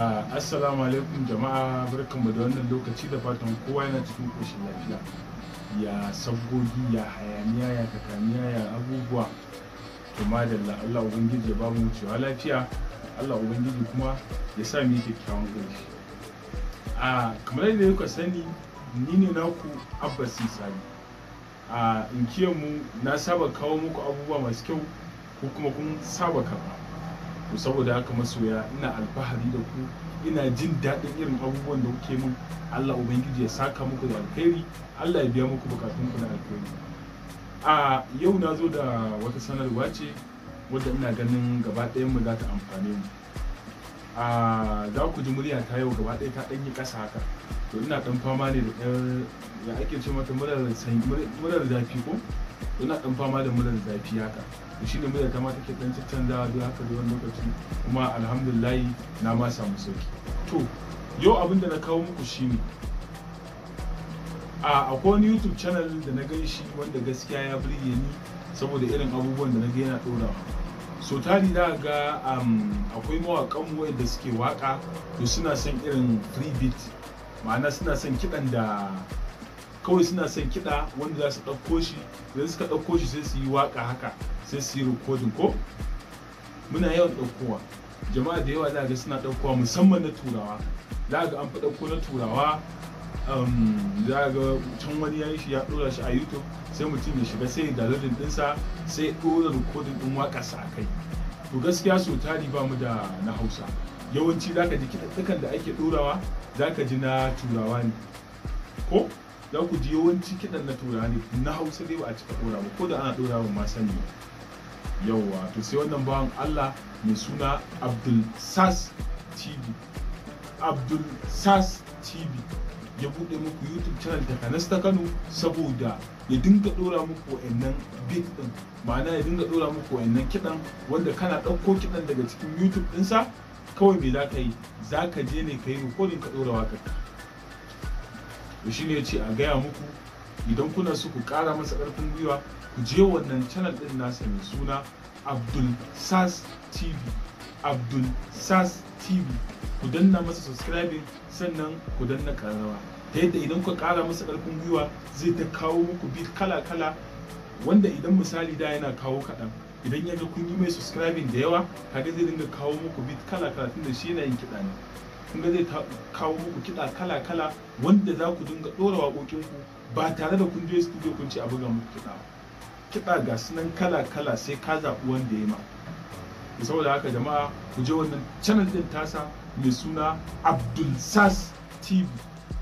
assalamu alaikum jama'a barkanmu da wannan lokaci da fatan kowa yana cikin koshin lafiya ya sabgogi ya hayaniya ya kakaniya ya abubuwa to madalla Allah ubangiji ya ba mu wucewa lafiya Allah ubangiji kuma ya sa mu kyakkyawan gobe a kamar yadda kuka sani ni ne naku Abbas Sani a inkiyan mu na saba kawo muku abubuwa masu kyau ko kuma kun saba kafa to saboda haka masoya ina alfahari da ku ina jin daɗin irin abubuwan da kuke min Allah ubangiji ya saka muku da alkhairi Allah ya biya muku bukatun ku na alkhairi a yau na zo da wata sanarwa ce wadda ina ganin gaba ɗayan mu za ta amfane mu a za ku ji murya ta yau gaba ɗaya ta ɗan yi ƙasa haka to ina ɗan fama ne da ɗan ya ake ce mata murar zafi ko suna ɗan fama da murar zafi haka da shi ne murar ta ma take dan canzawa duk haka da wani lokaci kuma alhamdulillah na ma samu sauki to yau abin da na kawo muku shi ne. a akwai wani youtube channel da na gan shi wanda gaskiya ya burge ni saboda irin abubuwan da na ga yana ɗorawa so tari da ga akwai mawaƙan da suke waƙa to suna son irin free beat ma'ana suna son kiɗan da kawai suna son kiɗa wanda za su ɗauko shi da suka ɗauko shi sai su yi waka haka sai su yi rikodin ko muna yawan ɗaukowa jama'a da yawa za ga suna ɗaukowa musamman na turawa za ga an fi ɗauko na turawa um, za ga can wani ya shi ya ɗora shi a youtube sai mutum ya shiga sai ya dalilin ɗinsa sai ya ɗora rikodin ɗin waƙarsa a kai to gaskiya so tari ba mu da na hausa yawanci za ka ji kiɗaɗɗukan da ake ɗorawa za ka ji na turawa ne ko za ku ji yawanci kiɗan na turani na hausa dai ba a cika ɗora ba ko da ana ɗora ba ma sani yauwa to sai wannan bawan allah mai suna abdul sas tv ya buɗe muku youtube channel ta kanas ta kano saboda ya dinga ɗora muku wa'annan bit ɗin ma'ana ya dinga ɗora muku wa'annan kiɗan wanda kana ɗauko kiɗan daga cikin youtube ɗinsa kawai me za ka yi za ka je ne ka yi rikodin ka ɗora waƙar shi ne ya ce a gaya muku idan kuna su ku kara masa ƙarfin gwiwa ku je wannan channel din nasa mai suna abdul sas tv abdul sas tv ku danna masa subscribing sannan ku danna karawa ta yadda idan ku kara masa ƙarfin gwiwa zai ta kawo muku bit kala-kala wanda idan misali da yana kawo kaɗan idan ya ga kun yi mai subscribing da yawa kaga zai dinga kawo muku bit kala-kala tunda shi yana yin kiɗa ne kuma zai kawo muku kiɗa kala kala wanda za ku dinga ɗora wakokin ku ba tare da kun je studio kun ce a buga muku kiɗa kiɗa ga sunan kala kala sai ka zaɓi wanda ya ma saboda haka jama'a ku je wannan channel din tasa mai suna Abdul Sas TV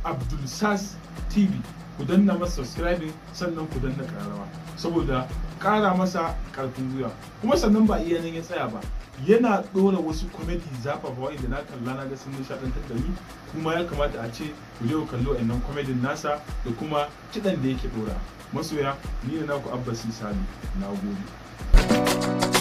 Abdul Sas TV ku danna masa subscribing sannan ku danna karawa saboda kara masa karfin gwiwa kuma sannan ba iya nan ya tsaya ba yana ɗora wasu zafa zafafa wa'inda na kalla na ga sun nishaɗantar da kuma ya kamata a ce ku je kallo a nan kwamitin nasa da kuma kiɗan da yake ɗora masoya ni ne naku abbasi sami na gobe.